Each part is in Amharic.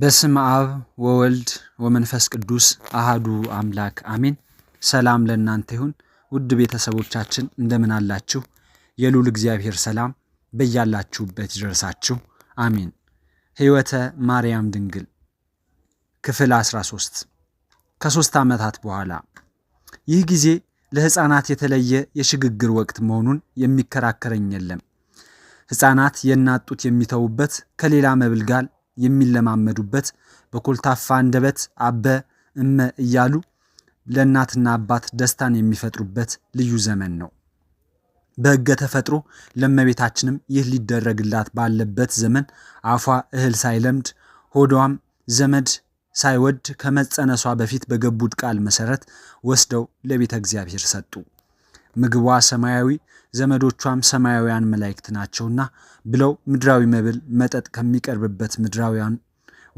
በስም አብ ወወልድ ወመንፈስ ቅዱስ አሃዱ አምላክ አሜን። ሰላም ለእናንተ ይሁን ውድ ቤተሰቦቻችን እንደምን አላችሁ? የሉል እግዚአብሔር ሰላም በያላችሁበት ይደርሳችሁ አሜን። ሕይወተ ማርያም ድንግል ክፍል 13 ከሶስት ዓመታት በኋላ ይህ ጊዜ ለሕፃናት የተለየ የሽግግር ወቅት መሆኑን የሚከራከረኝ የለም። ሕፃናት የእናት ጡት የሚተዉበት ከሌላ መብል ጋር የሚለማመዱበት በኮልታፋ አንደበት አበ እመ እያሉ ለእናትና አባት ደስታን የሚፈጥሩበት ልዩ ዘመን ነው። በሕገ ተፈጥሮ ለመቤታችንም ይህ ሊደረግላት ባለበት ዘመን አፏ እህል ሳይለምድ ሆዷም ዘመድ ሳይወድ ከመጸነሷ በፊት በገቡት ቃል መሰረት ወስደው ለቤተ እግዚአብሔር ሰጡ። ምግቧ ሰማያዊ ዘመዶቿም ሰማያውያን መላእክት ናቸውና ብለው ምድራዊ መብል መጠጥ ከሚቀርብበት ምድራውያን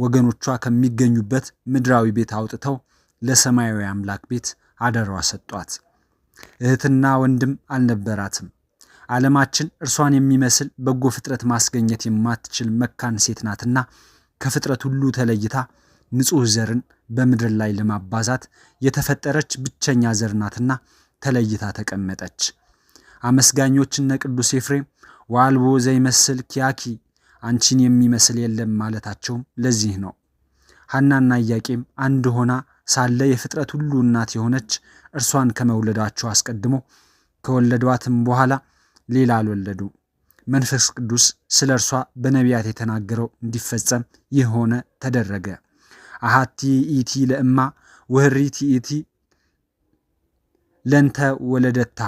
ወገኖቿ ከሚገኙበት ምድራዊ ቤት አውጥተው ለሰማያዊ አምላክ ቤት አደሯ ሰጧት። እህትና ወንድም አልነበራትም። ዓለማችን እርሷን የሚመስል በጎ ፍጥረት ማስገኘት የማትችል መካን ሴት ናትና ከፍጥረት ሁሉ ተለይታ ንጹሕ ዘርን በምድር ላይ ለማባዛት የተፈጠረች ብቸኛ ዘር ናትና ተለይታ ተቀመጠች። አመስጋኞች እነ ቅዱስ ኤፍሬም ዋልቦ ዘይመስል ኪያኪ አንቺን የሚመስል የለም ማለታቸውም ለዚህ ነው። ሐናና ኢያቄም አንድ ሆና ሳለ የፍጥረት ሁሉ እናት የሆነች እርሷን ከመውለዳቸው አስቀድሞ ከወለዷትም በኋላ ሌላ አልወለዱ። መንፈስ ቅዱስ ስለ እርሷ በነቢያት የተናገረው እንዲፈጸም ይህ ሆነ ተደረገ። አሃቲ ኢቲ ለእማ ውህሪቲ ኢቲ ለንተ ወለደታ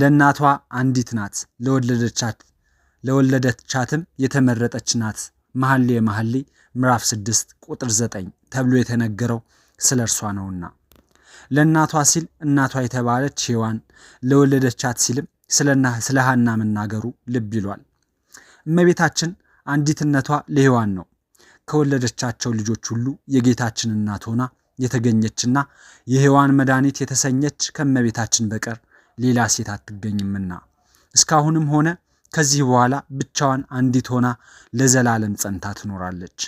ለእናቷ አንዲት ናት፣ ለወለደቻት ለወለደቻትም የተመረጠች ናት። መኃልየ መኃልይ ምዕራፍ 6 ቁጥር 9 ተብሎ የተነገረው ስለ እርሷ ነውና ለእናቷ ሲል እናቷ የተባለች ሔዋን፣ ለወለደቻት ሲልም ስለ ሐና መናገሩ ልብ ይሏል። እመቤታችን አንዲትነቷ ለሔዋን ነው። ከወለደቻቸው ልጆች ሁሉ የጌታችን እናት ሆና የተገኘችና የሔዋን መድኃኒት የተሰኘች ከመቤታችን በቀር ሌላ ሴት አትገኝምና እስካሁንም ሆነ ከዚህ በኋላ ብቻዋን አንዲት ሆና ለዘላለም ጸንታ ትኖራለች።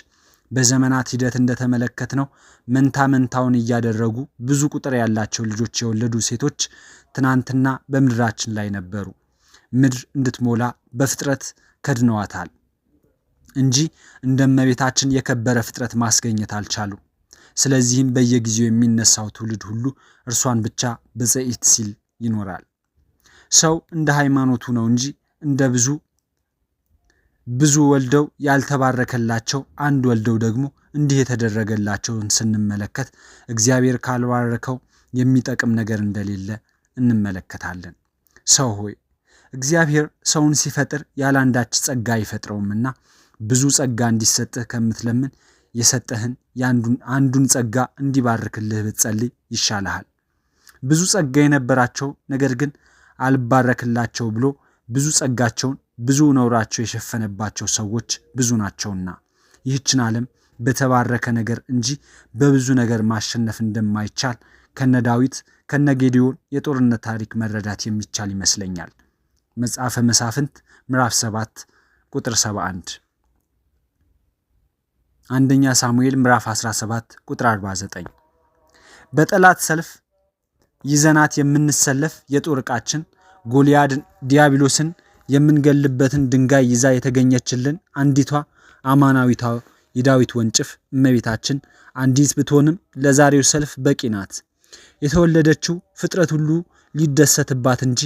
በዘመናት ሂደት እንደተመለከትነው መንታ መንታውን እያደረጉ ብዙ ቁጥር ያላቸው ልጆች የወለዱ ሴቶች ትናንትና በምድራችን ላይ ነበሩ። ምድር እንድትሞላ በፍጥረት ከድነዋታል እንጂ እንደ እመቤታችን የከበረ ፍጥረት ማስገኘት አልቻሉም። ስለዚህም በየጊዜው የሚነሳው ትውልድ ሁሉ እርሷን ብቻ ብፅዕት ሲል ይኖራል። ሰው እንደ ሃይማኖቱ ነው እንጂ እንደ ብዙ ብዙ ወልደው ያልተባረከላቸው አንድ ወልደው ደግሞ እንዲህ የተደረገላቸውን ስንመለከት እግዚአብሔር ካልባረከው የሚጠቅም ነገር እንደሌለ እንመለከታለን። ሰው ሆይ እግዚአብሔር ሰውን ሲፈጥር ያለ አንዳች ጸጋ አይፈጥረውምና ብዙ ጸጋ እንዲሰጥህ ከምትለምን የሰጠህን አንዱን ጸጋ እንዲባርክልህ ብትጸልይ ይሻልሃል። ብዙ ጸጋ የነበራቸው ነገር ግን አልባረክላቸው ብሎ ብዙ ጸጋቸውን ብዙ ነውራቸው የሸፈነባቸው ሰዎች ብዙ ናቸውና ይህችን ዓለም በተባረከ ነገር እንጂ በብዙ ነገር ማሸነፍ እንደማይቻል ከነ ዳዊት ከነ ጌዲዮን የጦርነት ታሪክ መረዳት የሚቻል ይመስለኛል። መጽሐፈ መሳፍንት ምዕራፍ 7 ቁጥር 71 አንደኛ ሳሙኤል ምዕራፍ 17 ቁጥር 49። በጠላት ሰልፍ ይዘናት የምንሰለፍ የጦር ዕቃችን ጎልያድ ዲያብሎስን የምንገልበትን ድንጋይ ይዛ የተገኘችልን አንዲቷ አማናዊቷ የዳዊት ወንጭፍ እመቤታችን አንዲት ብትሆንም ለዛሬው ሰልፍ በቂ ናት። የተወለደችው ፍጥረት ሁሉ ሊደሰትባት እንጂ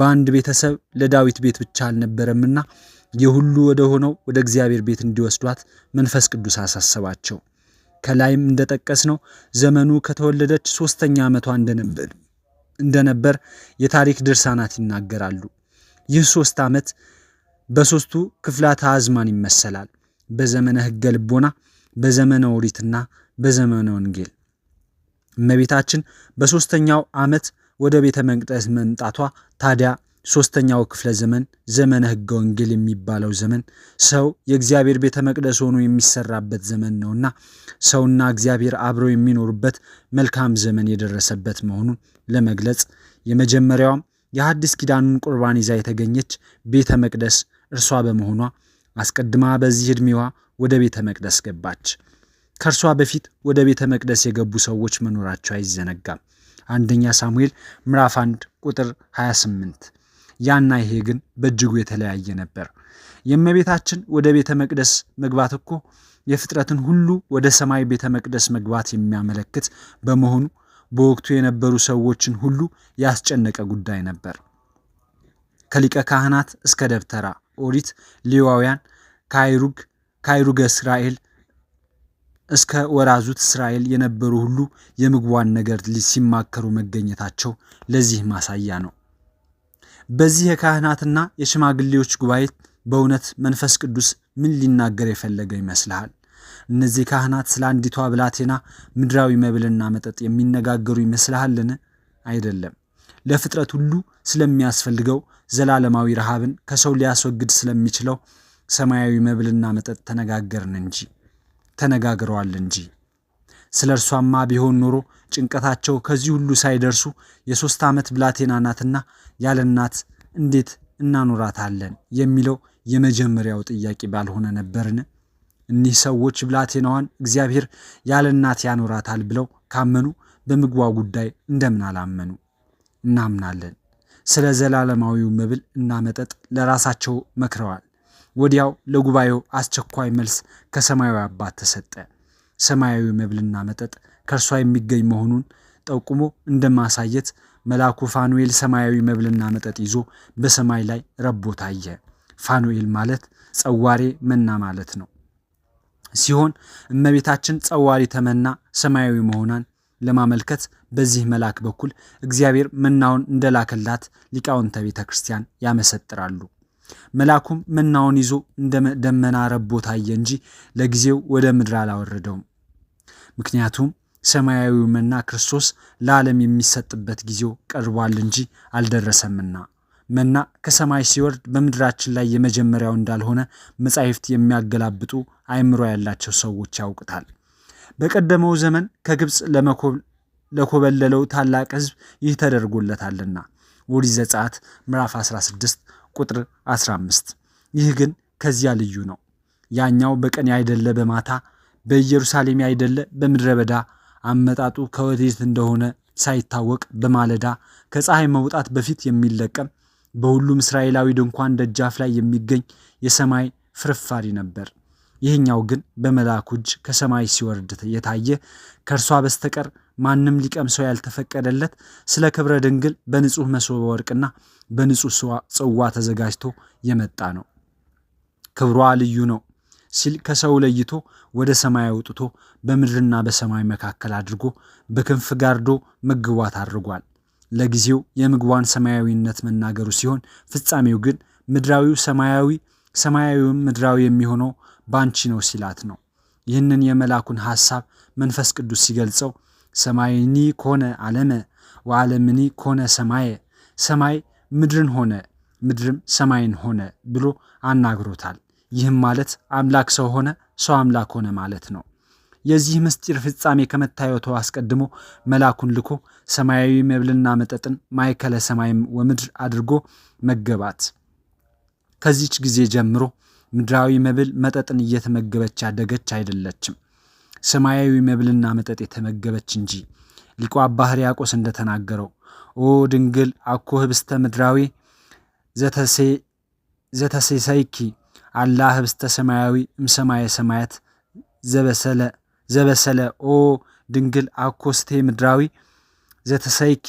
በአንድ ቤተሰብ ለዳዊት ቤት ብቻ አልነበረምና የሁሉ ወደ ሆነው ወደ እግዚአብሔር ቤት እንዲወስዷት መንፈስ ቅዱስ አሳሰባቸው። ከላይም እንደጠቀስ ነው ዘመኑ ከተወለደች ሶስተኛ ዓመቷ እንደነበር የታሪክ ድርሳናት ይናገራሉ። ይህ ሶስት ዓመት በሦስቱ ክፍላተ አዝማን ይመሰላል። በዘመነ ሕገ ልቦና፣ በዘመነ ኦሪትና በዘመነ ወንጌል። እመቤታችን በሦስተኛው ዓመት ወደ ቤተ መቅደስ መምጣቷ ታዲያ ሶስተኛው ክፍለ ዘመን ዘመነ ህገ ወንጌል የሚባለው ዘመን ሰው የእግዚአብሔር ቤተ መቅደስ ሆኖ የሚሰራበት ዘመን ነውና ሰውና እግዚአብሔር አብረው የሚኖሩበት መልካም ዘመን የደረሰበት መሆኑን ለመግለጽ የመጀመሪያዋም የሐዲስ ኪዳኑን ቁርባን ይዛ የተገኘች ቤተ መቅደስ እርሷ በመሆኗ አስቀድማ በዚህ ዕድሜዋ ወደ ቤተ መቅደስ ገባች። ከእርሷ በፊት ወደ ቤተ መቅደስ የገቡ ሰዎች መኖራቸው አይዘነጋም። አንደኛ ሳሙኤል ምዕራፍ 1 ቁጥር 28 ያና ይሄ ግን በእጅጉ የተለያየ ነበር። የእመቤታችን ወደ ቤተ መቅደስ መግባት እኮ የፍጥረትን ሁሉ ወደ ሰማይ ቤተ መቅደስ መግባት የሚያመለክት በመሆኑ በወቅቱ የነበሩ ሰዎችን ሁሉ ያስጨነቀ ጉዳይ ነበር። ከሊቀ ካህናት እስከ ደብተራ ኦሪት፣ ሌዋውያን፣ ካይሩግ ካይሩገ እስራኤል እስከ ወራዙት እስራኤል የነበሩ ሁሉ የምግቧን ነገር ሲማከሩ መገኘታቸው ለዚህ ማሳያ ነው። በዚህ የካህናትና የሽማግሌዎች ጉባኤ በእውነት መንፈስ ቅዱስ ምን ሊናገር የፈለገ ይመስልሃል? እነዚህ ካህናት ስለ አንዲቷ ብላቴና ምድራዊ መብልና መጠጥ የሚነጋገሩ ይመስልሃልን? አይደለም። ለፍጥረት ሁሉ ስለሚያስፈልገው ዘላለማዊ ረሃብን ከሰው ሊያስወግድ ስለሚችለው ሰማያዊ መብልና መጠጥ ተነጋገርን እንጂ ተነጋግረዋል እንጂ ስለ እርሷማ ቢሆን ኖሮ ጭንቀታቸው ከዚህ ሁሉ ሳይደርሱ የሶስት ዓመት ብላቴና ናትና ያለ እናት እንዴት እናኖራታለን የሚለው የመጀመሪያው ጥያቄ ባልሆነ ነበርን? እኒህ ሰዎች ብላቴናዋን እግዚአብሔር ያለ እናት ያኖራታል ብለው ካመኑ በምግቧ ጉዳይ እንደምን አላመኑ? እናምናለን። ስለ ዘላለማዊው መብል እና መጠጥ ለራሳቸው መክረዋል። ወዲያው ለጉባኤው አስቸኳይ መልስ ከሰማያዊ አባት ተሰጠ። ሰማያዊ መብልና መጠጥ ከእርሷ የሚገኝ መሆኑን ጠቁሞ እንደማሳየት መልአኩ ፋኑኤል ሰማያዊ መብልና መጠጥ ይዞ በሰማይ ላይ ረቦ ታየ። ፋኑኤል ማለት ጸዋሬ መና ማለት ነው ሲሆን እመቤታችን ጸዋሪ ተመና ሰማያዊ መሆኗን ለማመልከት በዚህ መልአክ በኩል እግዚአብሔር መናውን እንደላከላት ሊቃውንተ ቤተ ክርስቲያን ያመሰጥራሉ። መልአኩም መናውን ይዞ እንደ ደመና ረቦ ታየ እንጂ ለጊዜው ወደ ምድር አላወረደውም። ምክንያቱም ሰማያዊ መና ክርስቶስ ለዓለም የሚሰጥበት ጊዜው ቀርቧል እንጂ አልደረሰምና። መና ከሰማይ ሲወርድ በምድራችን ላይ የመጀመሪያው እንዳልሆነ መጻሕፍት የሚያገላብጡ አእምሮ ያላቸው ሰዎች ያውቁታል። በቀደመው ዘመን ከግብፅ ለኮበለለው ታላቅ ሕዝብ ይህ ተደርጎለታልና ኦሪት ዘጸአት ምዕራፍ 16 ቁጥር 15። ይህ ግን ከዚያ ልዩ ነው። ያኛው በቀን ያይደለ በማታ በኢየሩሳሌም አይደለ በምድረ በዳ አመጣጡ ከወዴት እንደሆነ ሳይታወቅ በማለዳ ከፀሐይ መውጣት በፊት የሚለቀም በሁሉም እስራኤላዊ ድንኳን ደጃፍ ላይ የሚገኝ የሰማይ ፍርፋሪ ነበር። ይህኛው ግን በመልአኩ እጅ ከሰማይ ሲወርድ የታየ ከእርሷ በስተቀር ማንም ሊቀምሰው ያልተፈቀደለት ስለ ክብረ ድንግል በንጹህ መሶበ ወርቅና በንጹህ ጽዋ ተዘጋጅቶ የመጣ ነው። ክብሯ ልዩ ነው። ሲል ከሰው ለይቶ ወደ ሰማይ አውጥቶ በምድርና በሰማይ መካከል አድርጎ በክንፍ ጋርዶ መግቧት አድርጓል። ለጊዜው የምግቧን ሰማያዊነት መናገሩ ሲሆን ፍጻሜው ግን ምድራዊው ሰማያዊ ሰማያዊውም ምድራዊ የሚሆነው ባንቺ ነው ሲላት ነው። ይህንን የመልአኩን ሐሳብ መንፈስ ቅዱስ ሲገልጸው ሰማይኒ ኮነ ዓለመ ወዓለምኒ ኮነ ሰማየ፣ ሰማይ ምድርን ሆነ ምድርም ሰማይን ሆነ ብሎ አናግሮታል። ይህም ማለት አምላክ ሰው ሆነ፣ ሰው አምላክ ሆነ ማለት ነው። የዚህ ምስጢር ፍጻሜ ከመታየቱ አስቀድሞ መላኩን ልኮ ሰማያዊ መብልና መጠጥን ማይከለ ሰማይም ወምድር አድርጎ መገባት። ከዚች ጊዜ ጀምሮ ምድራዊ መብል መጠጥን እየተመገበች ያደገች አይደለችም፣ ሰማያዊ መብልና መጠጥ የተመገበች እንጂ። ሊቁ አባ ሕርያቆስ እንደተናገረው ኦ ድንግል አኮ ህብስተ ምድራዊ ዘተሴሰይኪ አላህ ህብስተ ሰማያዊ እምሰማየ ሰማያት ዘበሰለ ኦ ድንግል አኮስቴ ምድራዊ ዘተሰይኪ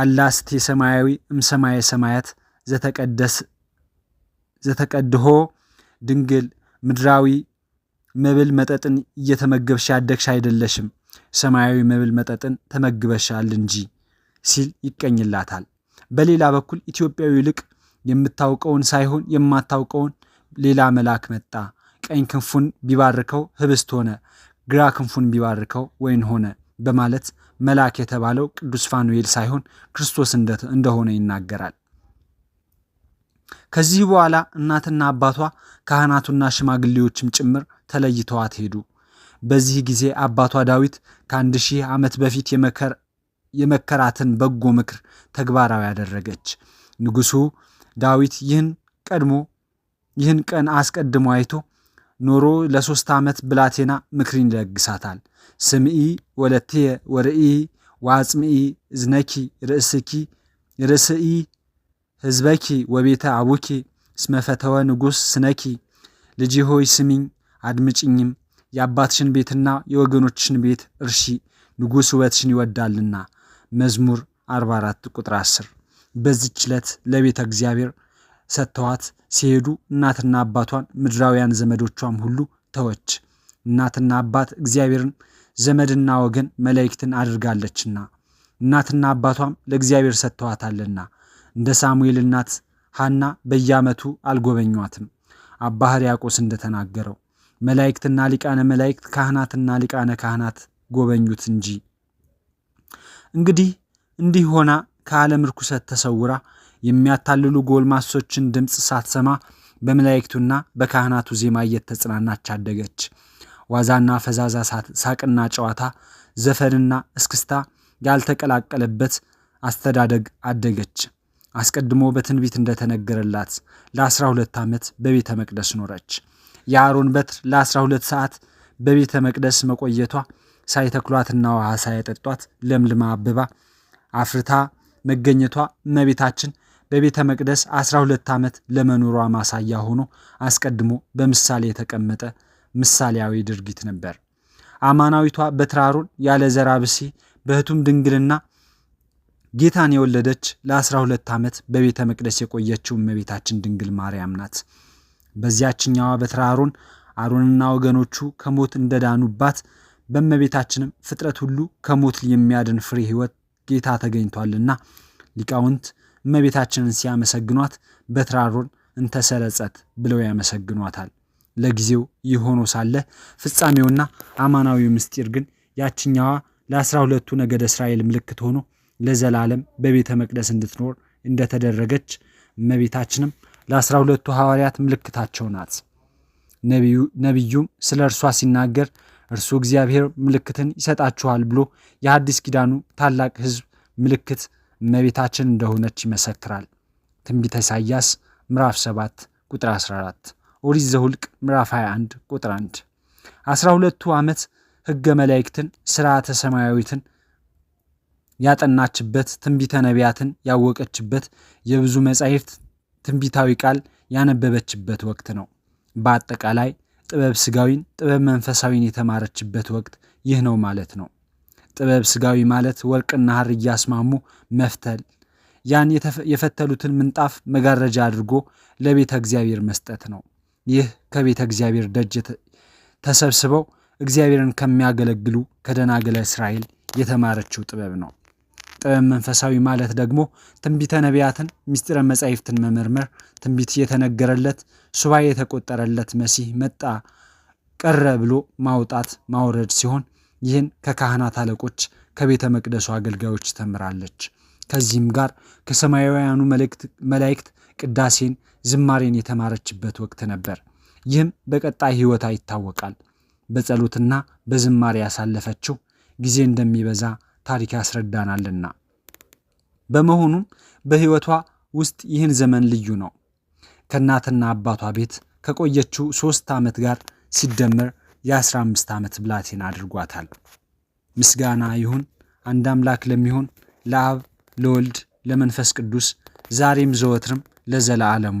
አላስቴ ሰማያዊ እምሰማየ ሰማያት ዘተቀድሆ ድንግል ምድራዊ መብል መጠጥን እየተመገብሽ ያደግሽ አይደለሽም፣ ሰማያዊ መብል መጠጥን ተመግበሻል እንጂ ሲል ይቀኝላታል። በሌላ በኩል ኢትዮጵያዊ ይልቅ የምታውቀውን ሳይሆን የማታውቀውን ሌላ መልአክ መጣ። ቀኝ ክንፉን ቢባርከው ህብስት ሆነ፣ ግራ ክንፉን ቢባርከው ወይን ሆነ በማለት መልአክ የተባለው ቅዱስ ፋኑኤል ሳይሆን ክርስቶስ እንደሆነ ይናገራል። ከዚህ በኋላ እናትና አባቷ ካህናቱና ሽማግሌዎችም ጭምር ተለይተዋት ሄዱ። በዚህ ጊዜ አባቷ ዳዊት ከአንድ ሺህ ዓመት በፊት የመከራትን በጎ ምክር ተግባራዊ ያደረገች። ንጉሱ ዳዊት ይህን ቀድሞ ይህን ቀን አስቀድሞ አይቶ ኖሮ ለሶስት ዓመት ብላቴና ምክሪን ይለግሳታል። ስምኢ ወለትየ ወርኢ ዋጽምኢ ዝነኪ ርእስኪ ርእስኢ ህዝበኪ ወቤተ አቡኪ ስመፈተወ ንጉሥ ስነኪ። ልጅ ሆይ ስሚኝ አድምጭኝም፣ የአባትሽን ቤትና የወገኖችሽን ቤት እርሺ፣ ንጉሥ ውበትሽን ይወዳልና። መዝሙር 44 ቁጥር 10 በዚች ዕለት ለቤተ እግዚአብሔር ሰጥተዋት ሲሄዱ እናትና አባቷን ምድራውያን ዘመዶቿም ሁሉ ተወች። እናትና አባት እግዚአብሔርን ዘመድና ወገን መላእክትን አድርጋለችና እናትና አባቷም ለእግዚአብሔር ሰጥተዋታልና እንደ ሳሙኤል እናት ሐና በየዓመቱ አልጎበኟትም። አባ ሕርያቆስ እንደተናገረው መላእክትና ሊቃነ መላእክት ካህናትና ሊቃነ ካህናት ጎበኙት እንጂ። እንግዲህ እንዲህ ሆና ከዓለም ርኩሰት ተሰውራ የሚያታልሉ ጎልማሶችን ድምፅ ሳትሰማ በመላእክቱና በካህናቱ ዜማ እየተጽናናች አደገች። ዋዛና ፈዛዛ ሳቅና ጨዋታ፣ ዘፈንና እስክስታ ያልተቀላቀለበት አስተዳደግ አደገች። አስቀድሞ በትንቢት እንደተነገረላት ለ ሁለት ዓመት በቤተ መቅደስ ኖረች። የአሮን በትር ለ12 ሰዓት በቤተ መቅደስ መቆየቷ ሳይተክሏትና ውሃ ሳያጠጧት ለምልማ አብባ አፍርታ መገኘቷ እመቤታችን በቤተ መቅደስ 12 ዓመት ለመኖሯ ማሳያ ሆኖ አስቀድሞ በምሳሌ የተቀመጠ ምሳሌያዊ ድርጊት ነበር። አማናዊቷ በትራሩን ያለ ዘራ ብሲ ድንግልና ጌታን የወለደች ለ12 ዓመት በቤተ መቅደስ የቆየችው እመቤታችን ድንግል ማርያም ናት። በዚያችኛዋ በትራሩን አሮንና ወገኖቹ ከሞት እንደዳኑባት በእመቤታችንም ፍጥረት ሁሉ ከሞት የሚያድን ፍሬ ህይወት ጌታ ተገኝቷልና ሊቃውንት እመቤታችንን ሲያመሰግኗት በትራሩን እንተሰለጸት ብለው ያመሰግኗታል። ለጊዜው ይሆኖ ሳለ ፍጻሜውና አማናዊው ምስጢር ግን ያችኛዋ ለአስራ ሁለቱ ነገደ እስራኤል ምልክት ሆኖ ለዘላለም በቤተ መቅደስ እንድትኖር እንደተደረገች እመቤታችንም ለአስራ ሁለቱ ሐዋርያት ምልክታቸው ናት። ነቢዩም ስለ እርሷ ሲናገር እርሱ እግዚአብሔር ምልክትን ይሰጣችኋል ብሎ የአዲስ ኪዳኑ ታላቅ ሕዝብ ምልክት እመቤታችን እንደሆነች ይመሰክራል። ትንቢተ ኢሳይያስ ምዕራፍ 7 ቁጥር 14፣ ኦሪት ዘኍልቍ ምዕራፍ 21 ቁጥር 1። አስራ ሁለቱ ዓመት ሕገ መላእክትን ሥርዓተ ሰማያዊትን ያጠናችበት ትንቢተ ነቢያትን ያወቀችበት የብዙ መጻሕፍት ትንቢታዊ ቃል ያነበበችበት ወቅት ነው። በአጠቃላይ ጥበብ ስጋዊን፣ ጥበብ መንፈሳዊን የተማረችበት ወቅት ይህ ነው ማለት ነው። ጥበብ ስጋዊ ማለት ወርቅና ሐር እያስማሙ መፍተል፣ ያን የፈተሉትን ምንጣፍ መጋረጃ አድርጎ ለቤተ እግዚአብሔር መስጠት ነው። ይህ ከቤተ እግዚአብሔር ደጅ ተሰብስበው እግዚአብሔርን ከሚያገለግሉ ከደናግለ እስራኤል የተማረችው ጥበብ ነው። ጥበብ መንፈሳዊ ማለት ደግሞ ትንቢተ ነቢያትን፣ ምስጢረ መጻሕፍትን መመርመር፣ ትንቢት የተነገረለት ሱባኤ የተቆጠረለት መሲህ መጣ ቀረ ብሎ ማውጣት ማውረድ ሲሆን ይህን ከካህናት አለቆች ከቤተ መቅደሱ አገልጋዮች ተምራለች። ከዚህም ጋር ከሰማያውያኑ መላእክት ቅዳሴን፣ ዝማሬን የተማረችበት ወቅት ነበር። ይህም በቀጣይ ሕይወታ ይታወቃል። በጸሎትና በዝማሬ ያሳለፈችው ጊዜ እንደሚበዛ ታሪክ ያስረዳናልና። በመሆኑም በሕይወቷ ውስጥ ይህን ዘመን ልዩ ነው። ከእናትና አባቷ ቤት ከቆየችው ሦስት ዓመት ጋር ሲደመር የ15 ዓመት ብላቴና አድርጓታል። ምስጋና ይሁን አንድ አምላክ ለሚሆን ለአብ ለወልድ ለመንፈስ ቅዱስ ዛሬም ዘወትርም ለዘላ ዓለሙ